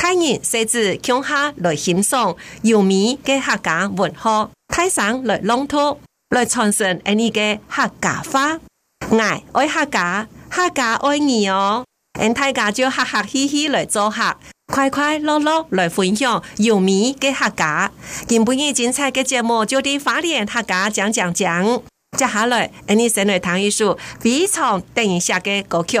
泰然設置瓊下來欣賞，瑤米嘅客家文化，泰省來浪濤，來傳承呢啲嘅客家話，愛愛客家，客家愛你哦！咁大家就客客氣氣來做客，快快樂樂來分享瑤米嘅客家。今本嘅精彩嘅節目就點花蓮客家講講講，接下來呢啲先嚟彈一首非常典雅嘅歌曲。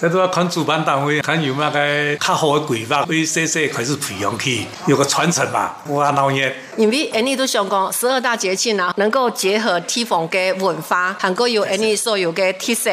這都要看主辦單位，看有冇個較好的規劃，對細細開始培養佢，有個傳承吧。我諗嘢，因為誒，你都想講十二大節慶啊，能夠結合地方的文化，還有誒你所有的特色。